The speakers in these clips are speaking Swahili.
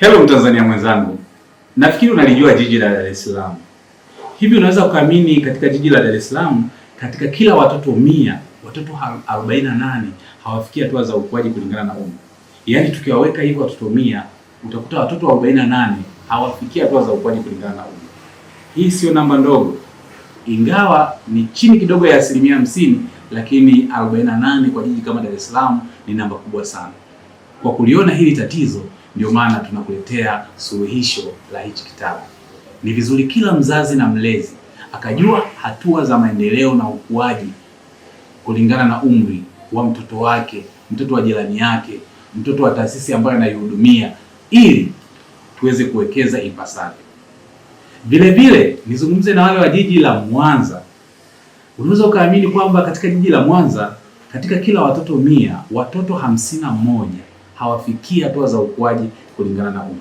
Hello Mtanzania mwenzangu, nafikiri unalijua jiji la Dar es Salaam. Hivi unaweza kuamini katika jiji la Dar es Salaam, katika kila watoto mia, watoto 48 hawafikia hatua za ukuaji kulingana na umri. Yaani tukiwaweka hivyo watoto mia, utakuta watoto 48 hawafikia hatua za ukuaji kulingana na umri. Hii sio namba ndogo, ingawa ni chini kidogo ya asilimia hamsini, lakini 48 kwa jiji kama Dar es Salaam ni namba kubwa sana. Kwa kuliona hili tatizo ndio maana tunakuletea suluhisho la hichi kitabu. Ni vizuri kila mzazi na mlezi akajua hatua za maendeleo na ukuaji kulingana na umri wa mtoto wake, mtoto wa jirani yake, mtoto wa taasisi ambayo anaihudumia, ili tuweze kuwekeza ipasavyo. Vile vile nizungumze na wale wa jiji la Mwanza. Unaweza ukaamini kwamba katika jiji la Mwanza, katika kila watoto mia, watoto hamsini na moja hawafikii hatua za ukuaji kulingana na umri.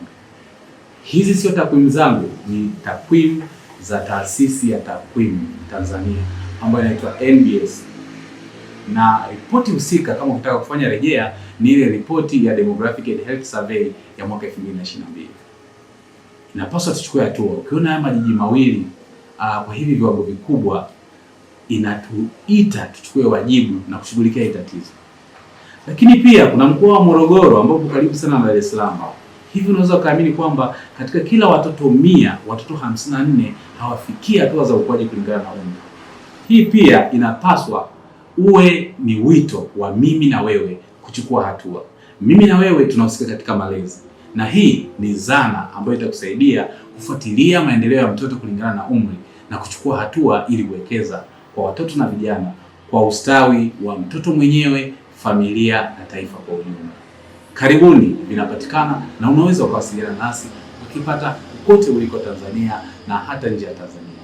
Hizi sio takwimu zangu, ni takwimu za taasisi ya takwimu Tanzania ambayo inaitwa NBS, na ripoti husika kama ukitaka kufanya rejea ni ile ripoti ya Demographic and Health Survey ya mwaka 2022. Inapaswa tuchukue hatua. Ukiona haya majiji mawili uh, kwa hivi viwango vikubwa, inatuita tuchukue wajibu na kushughulikia hili tatizo. Lakini pia kuna mkoa wa Morogoro ambao karibu sana na Dar es Salaam. Hivi unaweza ukaamini kwamba katika kila watoto mia, watoto 54 hawafikii hatua za ukuaji kulingana na umri. Hii pia inapaswa uwe ni wito wa mimi na wewe kuchukua hatua. Mimi na wewe tunahusika katika malezi, na hii ni zana ambayo itakusaidia kufuatilia maendeleo ya mtoto kulingana na umri na kuchukua hatua ili kuwekeza kwa watoto na vijana kwa ustawi wa mtoto mwenyewe familia na taifa kwa ujumla. Karibuni vinapatikana na unaweza ukawasiliana nasi ukipata kote uliko Tanzania na hata nje ya Tanzania.